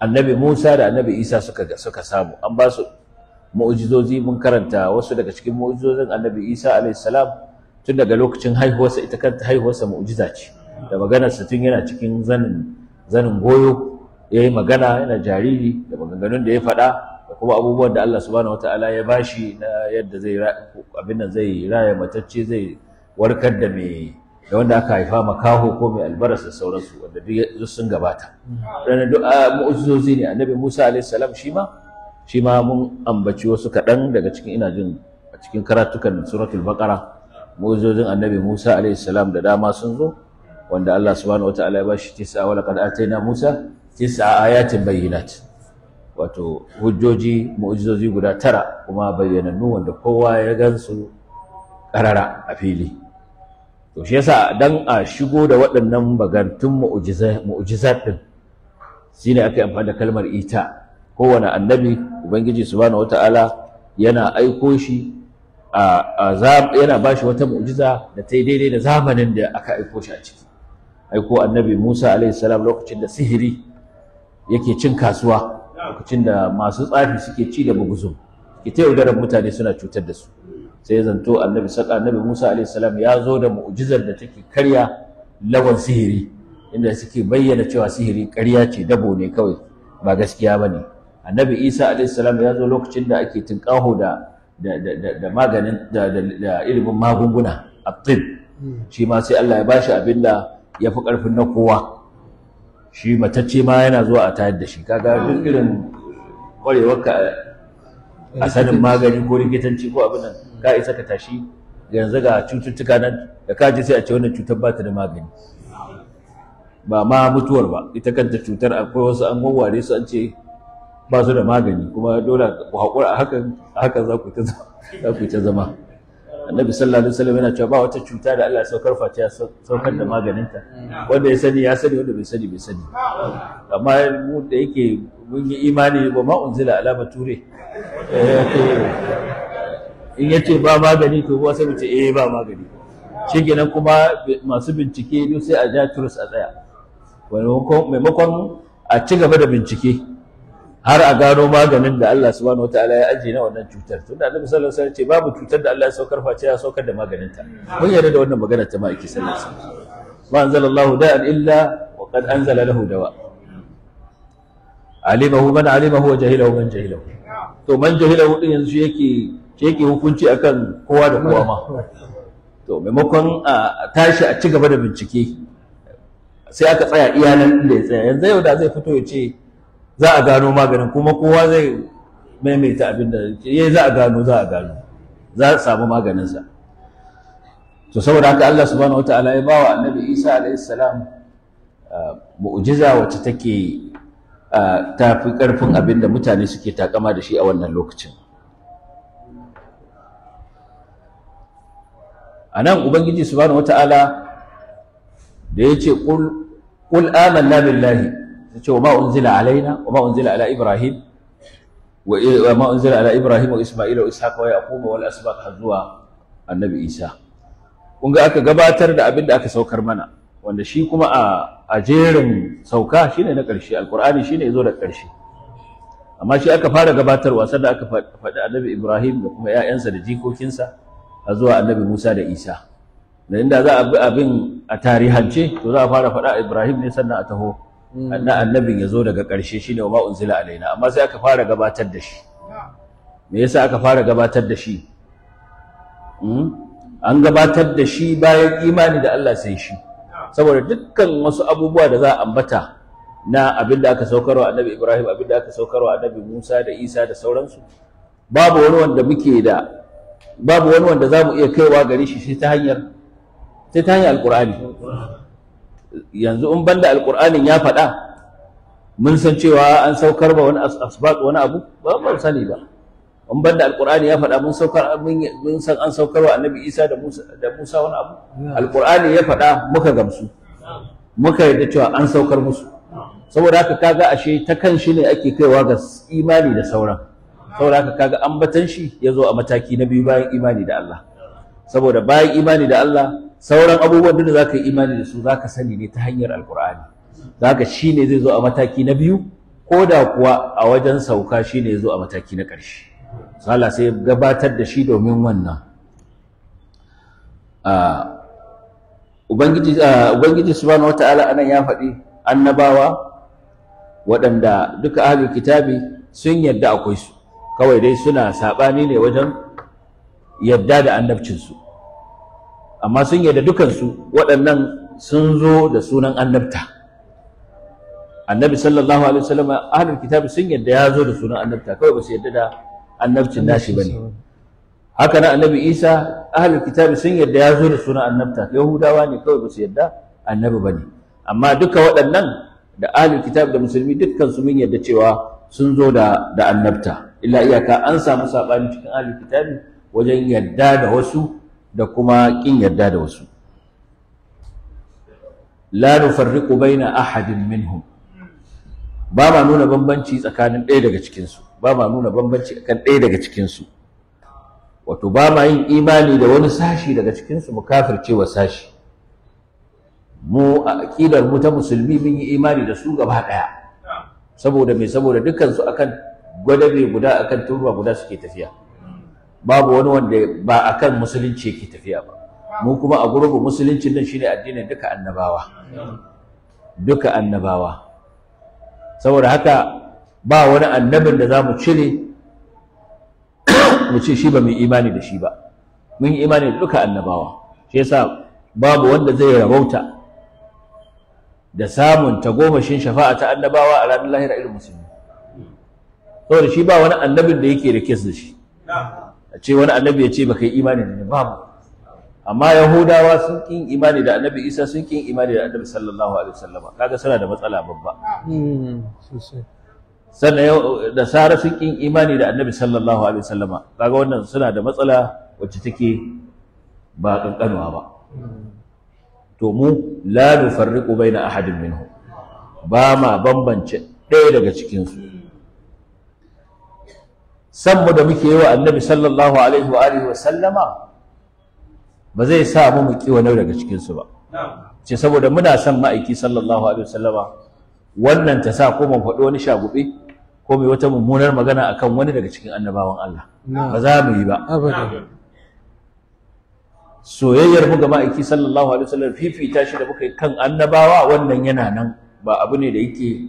annabi Musa da annabi Isa suka suka samu an ba su mu'jizozi mun karanta wasu daga cikin mu'jizozin annabi isa salam tun daga lokacin haihuwarsa ita kanta haihuwarsa mu'jiza ce da maganarsa tun yana cikin zanin zanin goyo ya yi magana yana jariri da maganganun da ya faɗa da kuma abubuwan da Allah subhanahu wataala ya bashi na yadda zai abin nan zai raya matacce zai warkar da mai da wanda aka haifa makaho ko mai albarasa sauransu wanda duk sun gabata. Ranar duk ne annabi Musa alayhi salam shi ma shi ma mun ambaci wasu kaɗan daga cikin ina jin a cikin karatukan suratul baqara mu'jizojin annabi Musa alaihi salam da dama sun zo wanda Allah subhanahu wata ya bashi tis'a wa laqad na Musa tis'a ayatin bayyinat wato hujjoji mu'jizoji guda tara kuma bayyanannu wanda kowa ya gansu karara a fili to shi yasa dan a shigo da waɗannan bagantun mu'jizat din shine aka yi amfani da kalmar ita kowane annabi ubangiji subhanahu wata'ala yana aiko shi a yana ba shi wata mu'jiza da ta yi daidai da zamanin da aka aiko shi a ciki aiko annabi Musa alaihi salam lokacin da sihiri yake cin kasuwa lokacin da masu tsafi suke ci da buguzo ke ta yaudarar mutane suna cutar da su sai ya zanto annabi saka annabi Musa alaihi salam ya zo da mu'jizar da take karya lawan sihiri inda suke bayyana cewa sihiri karya ce dabo ne kawai ba gaskiya ba ne. annabi isa alaihissalam ya zo lokacin da ake tinkaho da da maganin da ilimin magunguna a tib hmm. shi ma sai Allah ya ba shi abin da ya fi ƙarfin na kowa shi matacce ma yana zuwa a tayar da shi kaga duk irin ka a sanin magani ko likitanci ko abin nan ka isa ka tashi yanzu ga cututtuka nan da ka ji sai a ce wannan cutar ba ta da magani ba ma mutuwar ba ita kanta cutar akwai wasu an wawware su an ce ba su da magani kuma dole ku haƙura a hakan haka za ku ta za ku ta zama annabi sallallahu alaihi wasallam yana cewa ba wata cuta da Allah ya saukar face ya saukar da maganinta wanda ya sani ya sani wanda bai sani bai sani amma mu da yake mun yi imani ba ma unzila alama ture eh, in yace ba magani to ba sai mu ce eh ba magani kenan kuma masu bincike duk sai a ja turus a tsaya maimakon a ci gaba da bincike har a gano maganin da Allah subhanahu wataala ya ajiye na wannan cutar tunda Annabi sallallahu alaihi wasallam ce babu cutar da Allah ya saukar face ya saukar da maganin ta mun yarda da wannan magana ta ma'aiki sallallahu alaihi wasallam ma anzalallahu da'an illa wa qad anzala lahu dawa alimahu man alimahu wa jahilahu man jahilahu to man jahilahu din yanzu yake yake hukunci akan kowa da kowa ma to maimakon a tashi a ci gaba da bincike sai aka tsaya iyalan inda ya tsaya yanzu yau da zai fito ya ce za a gano maganin kuma kowa zai maimaita abin da ya eh, za a gano za a gano za a samu maganinsa sa to saboda haka Allah subhanahu ta'ala ya wa Annabi Isa alayhi salam mu'jiza wacce take ta fi karfin abin da mutane suke takama da shi a wannan lokacin a nan ubangiji subhanahu ta'ala da ya ce ƙul amanna billahi ce wa ma unzila alaina wa ma unzila ala ibrahim wa ma unzila ala ibrahim wa isma'il wa ishaq wa yaqub wal asbaq har zuwa annabi isa kun ga aka gabatar da abin da aka saukar mana wanda shi kuma a a jerin sauka shine na ƙarshe alqur'ani shine yazo da ƙarshe amma shi aka fara gabatarwa sannan aka faɗi annabi ibrahim da kuma ƴaƴansa da jikokinsa har zuwa annabi musa da isa da inda za a bi abin a tarihance to za a fara faɗa ibrahim ne sannan a taho Mm. annan annabin ya zo daga ƙarshe shi ne wa ma'unzila alaina amma sai aka fara gabatar da shi me yasa aka fara gabatar da shi mm? an gabatar da shi bayan imani da Allah sai shi saboda dukkan wasu abubuwa da za a ambata na abin da aka saukarwa annabi Ibrahim abin da aka saukarwa annabi Musa da Isa da sauransu babu wani wanda muke da babu wani wanda za mu iya kaiwa gare shi sai ta hanyar sai ta yanzu in banda alqur'anin ya faɗa mun san cewa an saukar ba wani asbab wani abu ba mu sani ba in banda Alƙur'ani ya faɗa mun saukar mun san an saukar wa annabi Isa da Musa da Musa wani abu Alƙur'ani ya faɗa muka gamsu muka yarda cewa an saukar musu saboda haka kaga ashe ta kan shi ne ake kaiwa ga imani da sauran saboda haka kaga ambatan shi ya zo a mataki na biyu bayan imani da Allah saboda bayan imani da Allah sauran abubuwan da za ka yi imani da su ka sani ne ta hanyar ka shi ne zai zo a mataki na biyu ko da kuwa a wajen sauka shi ne zo a mataki na ƙarshe sala sai gabatar da shi domin wannan ah, ubangiji ah, ubangiji subhanahu wataala anan ya faɗi annabawa waɗanda duka ahlul kitabi sun yarda akwai su kawai dai suna saɓani ne wajen yarda da annabcinsu amma sun yi da dukansu waɗannan sun zo da sunan annabta annabi sallallahu alaihi wasallam ahlul kitabi sun yadda ya zo da sunan annabta kawai ba su yadda da annabcin nashi bane haka nan annabi isa ahlul kitabi sun yadda ya zo da sunan annabta yahudawa ne kawai ba su yadda annabi bane amma duka waɗannan da ahlul kitabi da musulmi dukkan su mun yadda cewa sun zo da da annabta illa iyaka an samu sabani cikin ahlul kitabi wajen yadda da wasu da kuma ƙin yarda da wasu la nufarriqu baina ahadin minhum ba ma nuna bambanci tsakanin ɗaya daga cikinsu ba ma nuna bambanci akan ɗaya daga cikinsu wato ba ma yin imani da wani sashi daga cikinsu mu kafirce wa sashi mu a aƙidar mu ta musulmi mun yi imani da su gaba ɗaya saboda me saboda dukkansu akan gwadabe guda akan turba guda suke tafiya babu wani wanda ba a kan musulunci yake tafiya ba mu kuma a gurbin musulunci nan shine addinin duka annabawa duka annabawa saboda haka ba wani annabin da zamu cire mu ce shi ba mai imani da shi ba mun yi imani da duka annabawa shi yasa babu wanda zai rabauta da samun tagomashin shafa'a ta annabawa a ranar lahira irin musulmi saboda shi ba wani annabin da yake da kes da shi a ce wani annabi ya ce baka yi imani da babu amma yahudawa sun kin imani da annabi isa sun kin imani da annabi sallallahu alaihi wasallama kaga suna da matsala babba hmm, sannan da sara sun kin imani da annabi sallallahu alaihi wasallama kaga wannan suna da matsala wacce take ba kankanuwa ba to mu la nufarriqu baina ahadin minhum ba ma bambance ɗaya daga cikin su san da muke yi wa annabi sallallahu alaihi wa alihi wa sallama ba zai sa mu mu kiwa nau daga cikin su ba ce saboda muna son ma'aiki sallallahu alaihi wa sallama wannan ta sa ko mu faɗi wani shagube ko mai wata mummunar magana akan wani daga cikin annabawan Allah
ba za mu yi ba
soyayyar mu ga ma'aiki sallallahu alaihi wa sallam, fifita shi da muka yi kan annabawa wannan yana nan ba abu ne da yake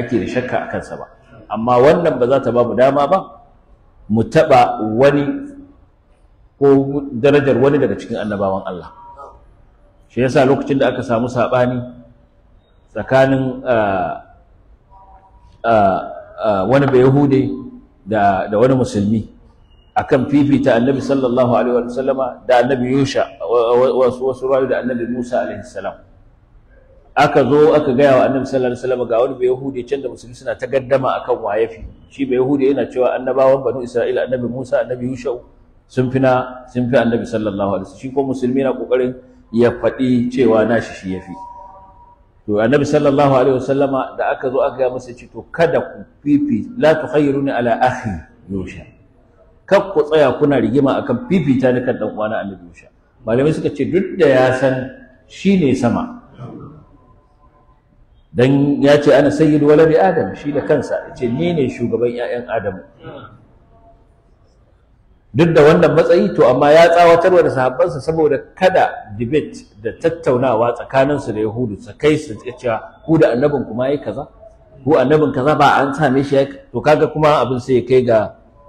ake da shakka a kansa ba amma wannan ba za ta ba mu dama ba mu taɓa wani ko darajar wani daga cikin annabawan Allah shi yasa lokacin da aka samu saɓani tsakanin ah, ah, ah, wani bai yahude da wani musulmi akan fifita annabi sallallahu alaihi wa sallama da annabi yusha wasu rayu da annabi musa alaihi salam aka zo aka gaya wa annabi sallallahu alaihi wasallam ga wani yahudi can da musulmi suna ta gaddama akan fi. shi bai yahudi yana cewa annabawan banu isra'ila annabi musa annabi yusha sun fi sun fi annabi sallallahu alaihi wasallam shi ko musulmi na kokarin ya faɗi cewa nashi shi yafi to annabi sallallahu alaihi wasallama da aka zo aka ga masa ce to kada ku fifi la tukhayyiruni ala akhi yusha kar ku tsaya kuna rigima akan fifita ni kan dan uwana annabi yusha malamai suka ce duk da ya san shi ne sama dan ya ce ana sayyid waladi adam shi da kansa ya ce ni ne shugaban 'ya'yan adamu duk da wannan matsayi to amma ya tsawatarwa da sahabbansa saboda kada debate da tattaunawa tsakaninsu da yahudu su kai su cewa ku da annabin kuma yayi kaza ku annabin kaza ba an same shi to kaga kuma abin sai ya kai ga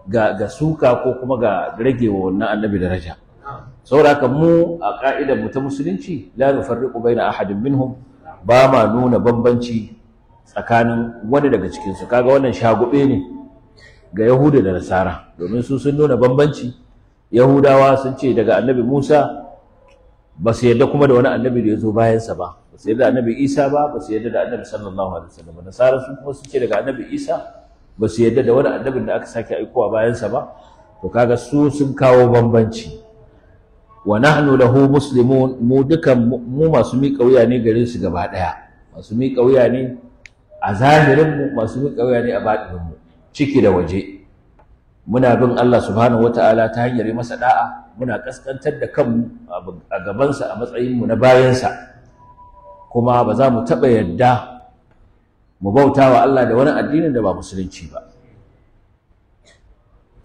ga ga suka ko kuma ga ragewa wannan annabi daraja saboda haka mu a ka'idar mu ta musulunci la nufarriqu baina ahadin minhum ba ma nuna bambanci tsakanin wani daga cikinsu kaga wannan shagube ne ga yahuda da nasara domin su sun nuna bambanci yahudawa sun ce daga annabi musa ba su yarda kuma da wani annabi da ya zo bayansa ba ba su yarda annabi isa ba ba su yarda da annabi sallallahu alaihi wasallam nasara sun kuma sun ce daga annabi isa ba su yarda da wani annabin da aka sake aikowa bayansa ba to kaga su sun kawo bambanci wa nahnu lahu muslimun mu dukan mu masu miƙa wuya ne gare su gaba daya masu miƙa wuya ne a zahirin mu masu miƙa wuya ne a batinin mu ciki da waje muna bin Allah subhanahu wataala ta hanyar masa da'a muna kaskantar da kanmu a gabansa a matsayin mu na bayansa kuma ba za mu taba yadda mu bautawa Allah da wani addinin da ba musulunci ba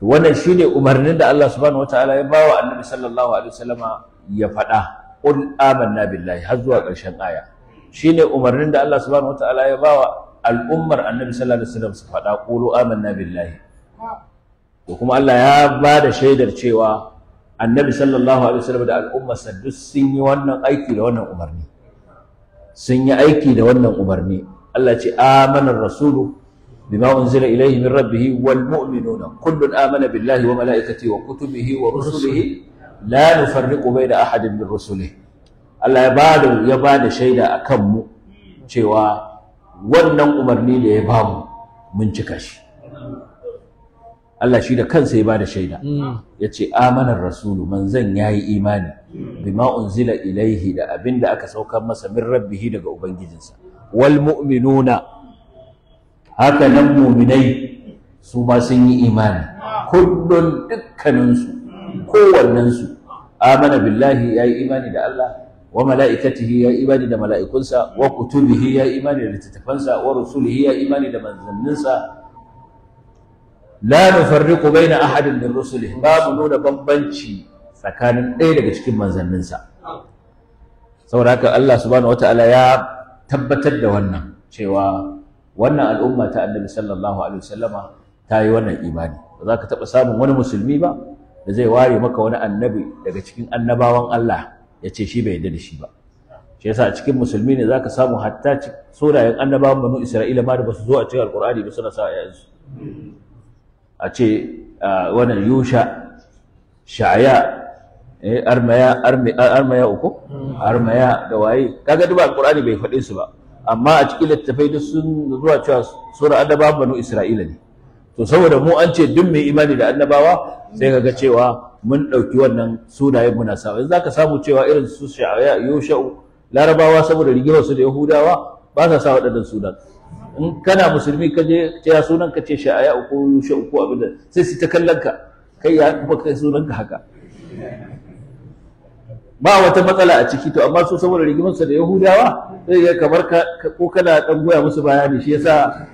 wannan shine umarnin da Allah subhanahu wataala ya bawa annabi sallallahu alaihi wasallama ya faɗa qul amanna billahi har zuwa ƙarshen aya shine umarnin da Allah subhanahu wataala ya bawa al'ummar annabi sallallahu alaihi wasallam su faɗa qulu amanna billahi to kuma Allah ya ba da shaidar cewa annabi sallallahu alaihi wasallam da al'ummarsa duk sun yi wannan aiki da wannan umarni sun yi aiki da wannan umarni Allah ce amanar rasulu بما أنزل إليه من ربه والمؤمنون كل آمن بالله وملائكته وكتبه ورسله لا نفرق بين أحد من رسله الله يبادو يباد شيدا أكم شوى wannan umarni da ya bamu mun cika shi Allah shi da kansa ya bada shaida yace amanar rasulu manzon yayi imani bima unzila ilaihi da abinda aka saukar masa min rabbihi daga ubangijinsa wal mu'minuna haka nan muminai su ma sun yi imani kullun dukkaninsu kowannensu amana billahi ya yi imani da Allah wa mala'ikatihi ya yi imani da mala'ikunsa wa kutubihi ya yi imani da littattafansa wa rusulihi ya yi imani da manzanninsa la nufarriqu baina ahadin min rusulihi babu nuna bambanci tsakanin ɗaya daga cikin manzanninsa saboda haka Allah subhanahu wataala ya tabbatar da wannan cewa wannan al'umma ta annabi sallallahu alaihi wasallama ta yi wannan imani ba za ka taɓa samun wani musulmi ba da zai ware maka wani annabi daga cikin annabawan Allah ya ce shi bai yarda da shi ba shi yasa a cikin musulmi ne za ka samu hatta sunayen annabawan banu Isra'ila ma da ba su zo a cikin alƙur'ani ba suna sa a yanzu a ce wannan Yusha Sha'aya, eh, armaya armaya uku armaya da waye kaga duba alqur'ani bai faɗe su ba amma a cikin littattafai duk sun zuwa cewa sura annabawa banu isra'ila ne to saboda mu an ce duk mai imani da annabawa sai kaga cewa mun ɗauki wannan sunayen muna sa yanzu ka samu cewa irin su sha'aya yosha'u larabawa saboda rigimar su da yahudawa ba sa sa waɗannan sunan in kana musulmi ka je ya sunan ka ce sha'aya ko yusha'u ko abin da sai su ta kallon ka kai ya ba kai sunan ka haka ba wata matsala a ciki to amma su saboda rigimar su da yahudawa sai ga kamar ko kana dan goya musu bayani shi yasa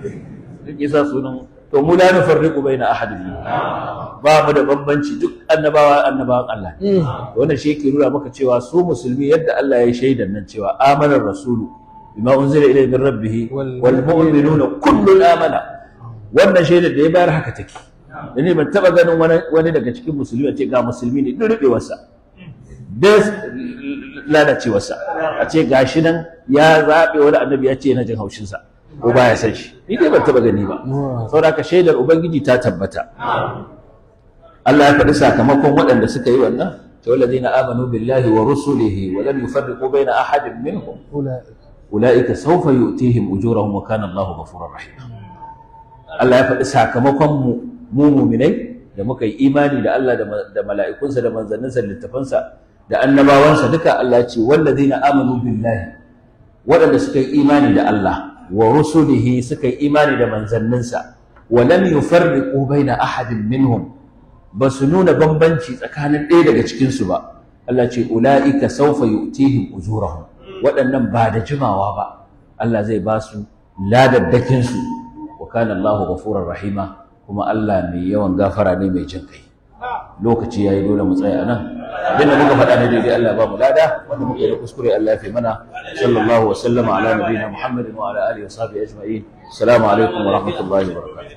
yasa sunan to mu la nufarriqu baina ahadin ba mu da bambanci duk annabawa annabawan Allah mm. wannan shi yake nuna maka cewa su musulmi yadda Allah ya shaidan nan cewa amanar rasulu bima unzila ilayhi min rabbih wal mu'minuna kullun amana wannan shaidar da ya bayar haka take ne ban taba ganin wani daga cikin musulmi a ce ga musulmi ne duk rubewarsa mm. da lalacewarsa a ce gashi nan ya zabe wani annabi ya ce yana jin haushin sa ko baya san shi ni dai ban taba gani ba saboda ka shaidar ubangiji ta tabbata Allah ya faɗi sakamakon waɗanda suka yi wannan to alladhina amanu billahi wa rusulihi wa lam yufarriqu baina ahadin minhum ulaika sawfa yu'tihim ujurahum wa kana Allahu ghafurur rahim Allah ya faɗi sakamakon mu mu muminai da muka yi imani da Allah da mala'ikunsa da manzanninsa da littafansa da annabawansa duka Allah ce wallazina amanu billahi waɗanda suka yi imani da Allah wa rusulihi suka yi imani da manzanninsa wa lam yufarriqu baina ahadin minhum ba su nuna bambanci tsakanin ɗaya daga cikin su ba Allah ce ulaika sawfa yu'tihim ujurahum waɗannan ba da jimawa ba Allah zai ba su ladaddakin su wa kana Allahu ghafurur rahima kuma Allah mai yawan gafara ne mai jin kai lokaci yayi dole mu tsaya nan abinda muka faɗa ne daidai Allah ba mu lada wanda muka da kuskure Allah ya fi mana sallallahu wa sallama ala nabiyina Muhammadin wa ala alihi wa sahbihi ajma'in assalamu alaikum wa rahmatullahi wa barakatuh